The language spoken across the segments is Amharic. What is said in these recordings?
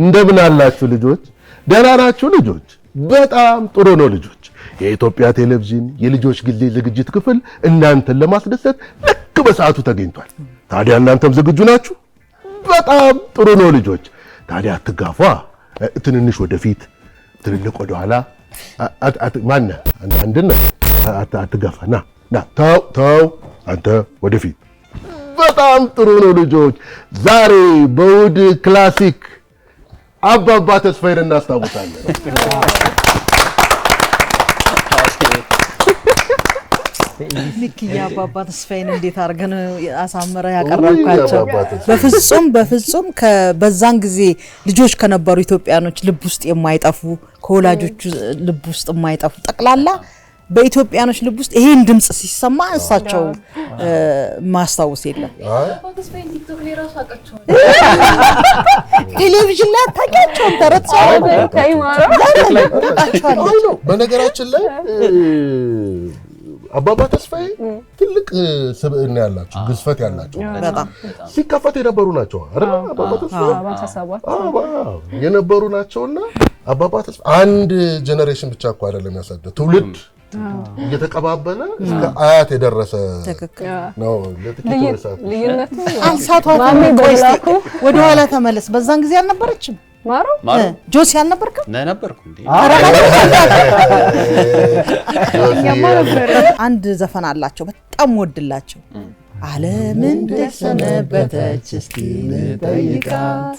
እንደምን አላችሁ ልጆች? ደህና ናችሁ ልጆች? በጣም ጥሩ ነው ልጆች። የኢትዮጵያ ቴሌቪዥን የልጆች ጊዜ ዝግጅት ክፍል እናንተን ለማስደሰት ልክ በሰዓቱ ተገኝቷል። ታዲያ እናንተም ዝግጁ ናችሁ? በጣም ጥሩ ነው ልጆች። ታዲያ አትጋፏ። ትንንሽ ወደፊት፣ ትልልቅ ወደኋላ። ማነ አንድነት? አትጋፋ። ና። ተው ተው፣ አንተ ወደፊት። በጣም ጥሩ ነው ልጆች። ዛሬ በውድ ክላሲክ አባባ ተስፋዬን እናስታውሳለን። ልክዬ አባባ ተስፋዬን እንዴት አድርገን አሳምረ ያቀረብካቸው። በፍጹም በፍጹም በዛን ጊዜ ልጆች ከነበሩ ኢትዮጵያኖች ልብ ውስጥ የማይጠፉ ከወላጆቹ ልብ ውስጥ የማይጠፉ ጠቅላላ በኢትዮጵያኖች ልብ ውስጥ ይሄን ድምጽ ሲሰማ እሳቸው ማስታወስ የለም። ቴሌቪዥን ላይ አታውቂያቸውም። በነገራችን ላይ አባባ ተስፋዬ ትልቅ ስብዕና ያላቸው ግዝፈት ያላቸው ሲከፈት የነበሩ ናቸው። የነበሩ ናቸውና አባባ ተስፋዬ አንድ ጀኔሬሽን ብቻ እኮ አይደለም ያሳደ ትውልድ እየተቀባበለ እስከ አያት የደረሰ ነው። ልዩነቱ ወደኋላ ተመለስ። በዛን ጊዜ አልነበረችም ማሩ ጆሲ አልነበርክም? ነበርኩ። አንድ ዘፈን አላቸው በጣም ወድላቸው ዓለምን ደሰነበተች እስቲ ንጠይቃት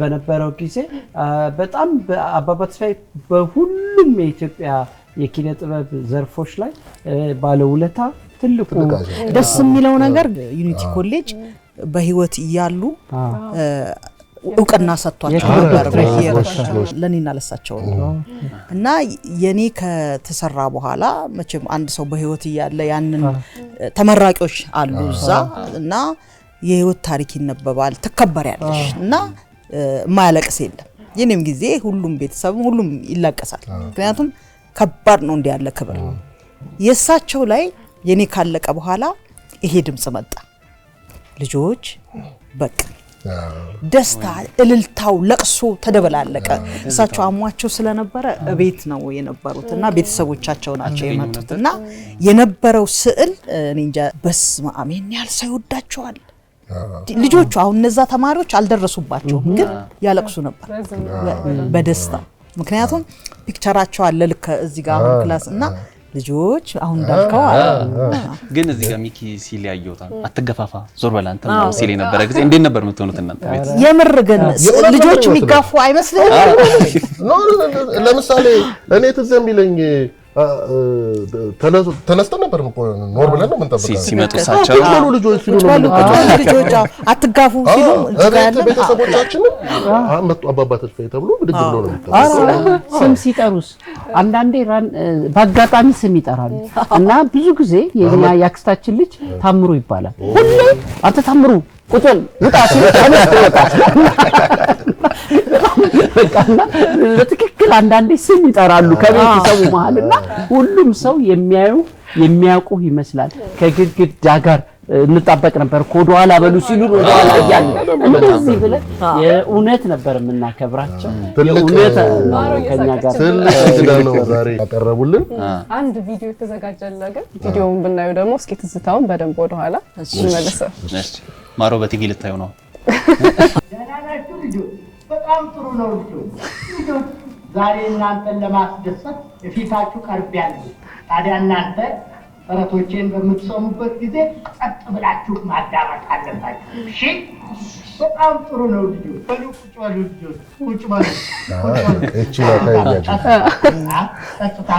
በነበረው ጊዜ በጣም አባባ ተስፋዬ በሁሉም የኢትዮጵያ የኪነ ጥበብ ዘርፎች ላይ ባለውለታ ትልቁ ደስ የሚለው ነገር ዩኒቲ ኮሌጅ በህይወት እያሉ እውቅና ሰጥቷቸው ነበር ለእኔና ለሳቸው እና የኔ ከተሰራ በኋላ መቼም አንድ ሰው በህይወት እያለ ያንን ተመራቂዎች አሉ እዛ እና የህይወት ታሪክ ይነበባል ትከበር ያለሽ እና የማያለቅስ የለም። የኔም ጊዜ ሁሉም ቤተሰብ ሁሉም ይላቀሳል። ምክንያቱም ከባድ ነው እንዲህ ያለ ክብር። የእሳቸው ላይ የኔ ካለቀ በኋላ ይሄ ድምፅ መጣ። ልጆች በቅ ደስታ፣ እልልታው፣ ለቅሶ ተደበላለቀ። እሳቸው አሟቸው ስለነበረ እቤት ነው የነበሩት እና ቤተሰቦቻቸው ናቸው የመጡት እና የነበረው ስዕል እኔ እንጃ በስመ አብ ይህን ያህል ሰው ይወዳቸዋል ልጆቹ አሁን እነዛ ተማሪዎች አልደረሱባቸውም፣ ግን ያለቅሱ ነበር በደስታ ምክንያቱም ፒክቸራቸው አለ ልክ እዚህ ጋር አሁን ክላስ እና ልጆች አሁን እንዳልከው ግን እዚህ ጋር ሚኪ ሲል ያየሁታል። አትገፋፋ ዞር በላ እንትን ሲል የነበረ ጊዜ እንዴት ነበር የምትሆኑት እናንተ ቤት? የምር ግን ልጆች የሚጋፉ አይመስልህም? ለምሳሌ እኔ ትዝ የሚለኝ ተነስተን ነበር ኖር ብለን ነው የምንጠብቀው። ሲመጡ እሳቸው ልጆች ሲሉ አትጋፉ ሲሉ ቤተሰቦቻችንም መጡ አባባ ተስፋዬ ተብሎ ብድግ ብሎ ነው ስም ሲጠሩስ፣ አንዳንዴ በአጋጣሚ ስም ይጠራሉ እና ብዙ ጊዜ የእኛ የአክስታችን ልጅ ታምሩ ይባላል። ሁሌ አንተ ታምሩ ቁጥር ውጣ በቃና በትክክል አንዳንዴ ስም ይጠራሉ ከቤተሰቡ መሀልና ሁሉም ሰው የሚያዩ የሚያውቁ ይመስላል። ከግድግዳ ጋር እንጣበቅ ነበር እኮ ወደኋላ በሉ ሲሉ ወደኋላ እያለ እንደዚህ ብለን የእውነት ነበር የምናከብራቸው። የእውነት ጋር ያቀረቡልን። አንድ ቪዲዮ የተዘጋጀ ግን ቪዲዮውን ብናየው ደግሞ እስኪ ትዝታውን በደንብ ወደኋላ ይመልሰው። ማሮ በቲቪ ልታዩ ነው። በጣም ጥሩ ነው ልጆች። ዛሬ እናንተን ለማስደሰት የፊታችሁ ቀርብ ታዲያ እናንተ ተረቶቼን በምትሰሙበት ጊዜ ጸጥ ብላችሁ ማዳመጥ አለባችሁ። እሺ፣ በጣም ጥሩ ነው ልጆች። በሉ ቁጭ በሉ ልጆች፣ ቁጭ በሉ። ጸጥታ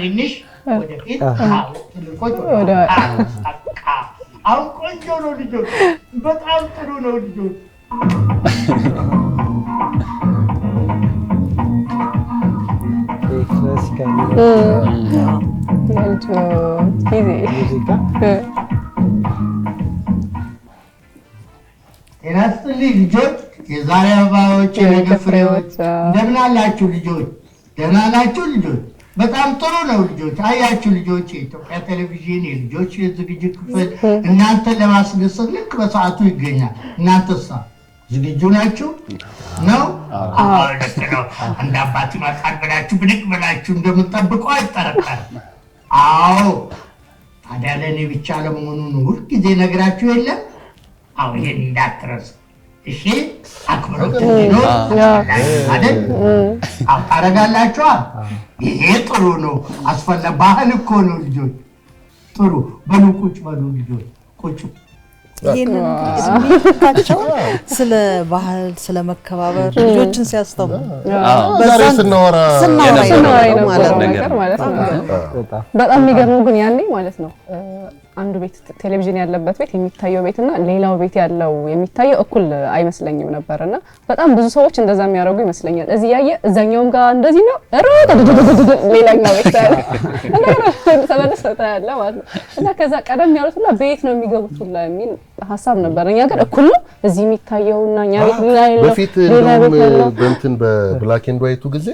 ትንንሽ ወደፊት አሁን ቆንጆ ነው ልጆች፣ በጣም ጥሩ ነው ልጆች። ጤና ይስጥልኝ ልጆች፣ የዛሬ አበባዎች፣ የነገ ፍሬዎች። እንደምን አላችሁ ልጆች? ደህና ናችሁ ልጆች? በጣም ጥሩ ነው። ልጆች አያችሁ፣ ልጆች የኢትዮጵያ ቴሌቪዥን የልጆች የዝግጅት ክፍል እናንተ ለማስደሰት ልክ በሰዓቱ ይገኛል። እናንተሳ ዝግጁ ናችሁ ነው? ልክ ነው። እንደ አባት ይመጣል ብላችሁ ብድቅ ብላችሁ እንደምጠብቀው አይጠረጠርም። አዎ፣ ታዲያ ለእኔ ብቻ ለመሆኑን ሁልጊዜ ነግራችሁ የለም? አዎ፣ ይሄን እንዳትረሱ። እሺ አክብረው ተገዶ አይደል አታረጋላችኋ። ይሄ ጥሩ ነው። አስፈላ ባህል እኮ ነው። ልጆች ጥሩ በሉ፣ ቁጭ በሉ ልጆች ቁጭ። ስለ ባህል ስለ መከባበር ልጆችን ሲያስተምሩ በጣም የሚገርመው ግን ያኔ ማለት ነው አንዱ ቤት ቴሌቪዥን ያለበት ቤት የሚታየው ቤት ቤትና ሌላው ቤት ያለው የሚታየው እኩል አይመስለኝም ነበር እና በጣም ብዙ ሰዎች እንደዛ የሚያደርጉ ይመስለኛል። እዚህ ያየ እዛኛውም ጋር እንደዚህ ነው ሌላኛው ቤት ያለ እንደገና ያለ ማለት ነው እና ከዛ ቀደም ያሉት ሁላ ቤት ነው የሚገቡት ሁላ የሚል ሀሳብ ነበር። እኛ ግን እኩል ነው እዚህ የሚታየው እና እኛ ቤት ሌላ ቤት ያለው በፊት በእንትን በብላክ ኤንድ ዋይቱ ጊዜ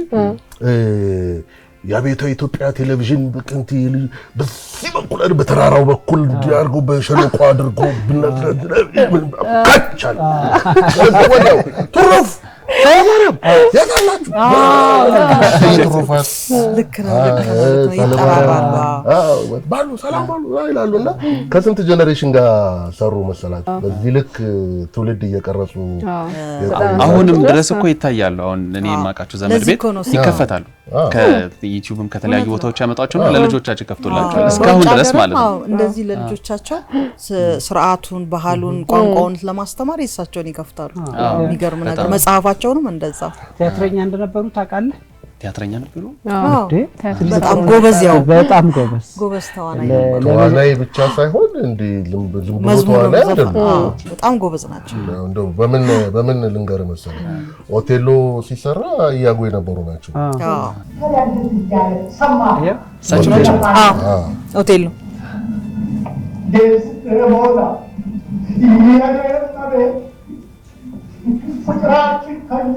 የአቤቷ ኢትዮጵያ ቴሌቪዥን በቅንቲ በዚህ በኩል በተራራው በኩል አድርጎ በሸለቆ አድርጎ ብናቻል ትሩፍ ባሉ ሰላም ባሉ ይላሉ እና ከስንት ጀኔሬሽን ጋር ሰሩ መሰላቸው። በዚህ ልክ ትውልድ እየቀረጹ አሁንም ድረስ እኮ ይታያሉ። አሁን እኔ የማውቃቸው ዘመድ ቤት ይከፈታሉ ከዩቲዩብም ከተለያዩ ቦታዎች ያመጧቸው ነው ለልጆቻቸው ከፍቶላቸዋል እስካሁን ድረስ ማለት ነው። እንደዚህ ለልጆቻቸው ስርዓቱን፣ ባህሉን፣ ቋንቋውን ለማስተማር የእሳቸውን ይከፍታሉ። የሚገርም ነገር መጽሐፋቸውንም እንደዛ ትያትረኛ እንደነበሩ ታውቃለህ። ቲያትረኛ ነበሩ። በጣም ጎበዝ ያው በጣም ጎበዝ ጎበዝ ተዋናይ ብቻ ሳይሆን እንዲህ ተዋናይ በጣም ጎበዝ ናቸው። እንደው በምን በምን ልንገር መሰለኝ ኦቴሎ ሲሰራ እያጎ የነበሩ ናቸው። ኦቴሎ ፍቅራችን ከኛ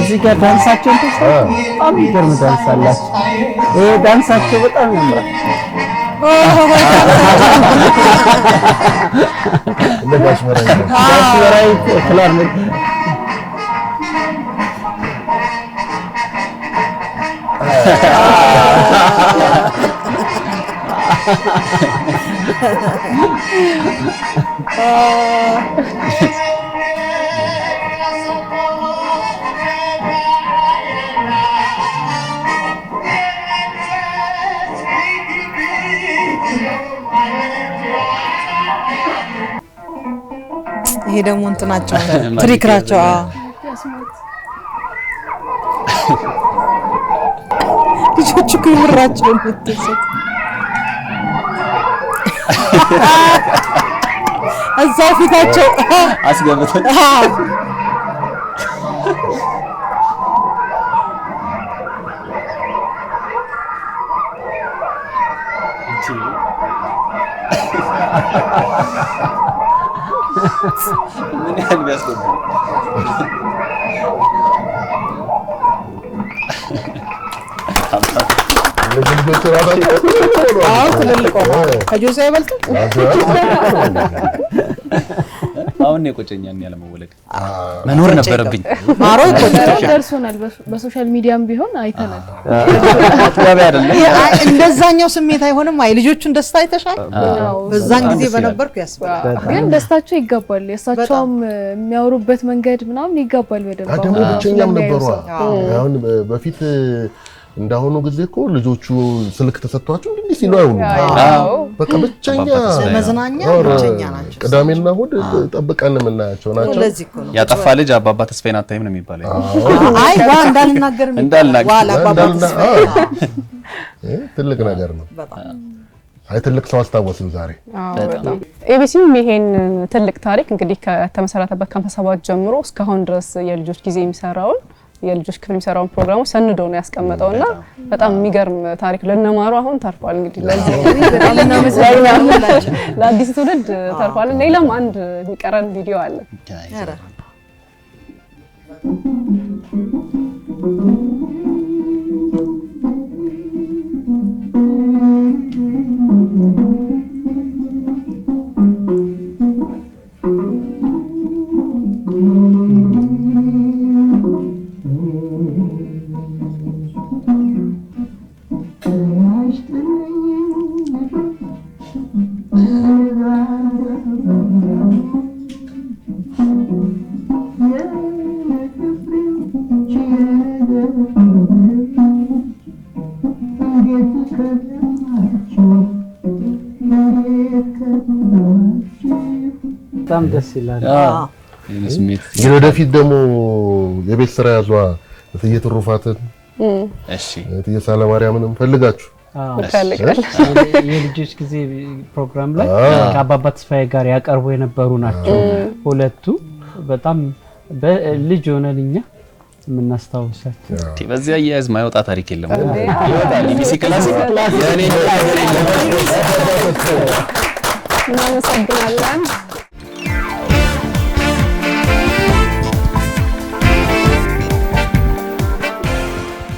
እዚህ ጋር ዳንሳቸውን በጣም ይገርም ዳንስ አላቸው። ይሄ ዳንሳቸው በጣም ያምራል። oh. ይሄ ደግሞ እንትናቸው ትሪክ ናቸው። ልጆቹ ክብራቸው እዛ ፊታቸው አስገብተን ምን ያህል ቢያስገቡ ትልልቆ ከጆሴ አይበልጥም። አሁን ነው የቆጨኝ። ያን ያለመወለድ መኖር ነበረብኝ። ማሮ ደርሶናል። በሶሻል ሚዲያም ቢሆን አይተናል። እንደዛኛው ስሜት አይሆንም። አይ ልጆቹን ደስታ አይተሻል። በዛን ጊዜ በነበርኩ ያስባል። ግን ደስታቸው ይገባል። የእሳቸውም የሚያወሩበት መንገድ ምናምን ይገባል። በደንብ ደግሞ ብቸኛም ነበሩ። አሁን በፊት እንዳሁኑ ጊዜ እኮ ልጆቹ ስልክ ተሰጥቷቸው እንዲህ ሲሉ አይሆኑ። በቃ ብቸኛ መዝናኛ ብቸኛ ናቸው። ቅዳሜና እሑድ ጠብቀን የምናያቸው ናቸው። ያጠፋ ልጅ አባባ ተስፋዬን አታይም ነው የሚባለው። አይ ዋ እንዳልናገር ትልቅ ነገር ነው። አይ ትልቅ ሰው አስታወስም። ዛሬ ኤቢሲም ይሄን ትልቅ ታሪክ እንግዲህ ከተመሰረተበት ከአንተ ሰባት ጀምሮ እስካሁን ድረስ የልጆች ጊዜ የሚሰራውን የልጆች ክፍል የሚሰራውን ፕሮግራሞች ሰንዶ ነው ያስቀመጠው እና በጣም የሚገርም ታሪክ ለነማሩ አሁን ተርፏል። እንግዲህ ለአዲስ ትውልድ ተርፏል። ሌላም አንድ የሚቀረን ቪዲዮ አለ። Thank you. በጣም ደስ ይላል። ግን ወደፊት ደግሞ የቤት ስራ ያዟ እትዬ ትሩፋትን እትዬ ሳለማርያምንም ፈልጋችሁ የልጆች ጊዜ ፕሮግራም ላይ ከአባባ ተስፋዬ ጋር ያቀርቡ የነበሩ ናቸው ሁለቱ። በጣም ልጅ ሆነን እኛ የምናስታውሳቸው በዚህ አያያዝ ማይወጣ ታሪክ የለም። ይወጣል። ክላሲክ እናመሰግናለን።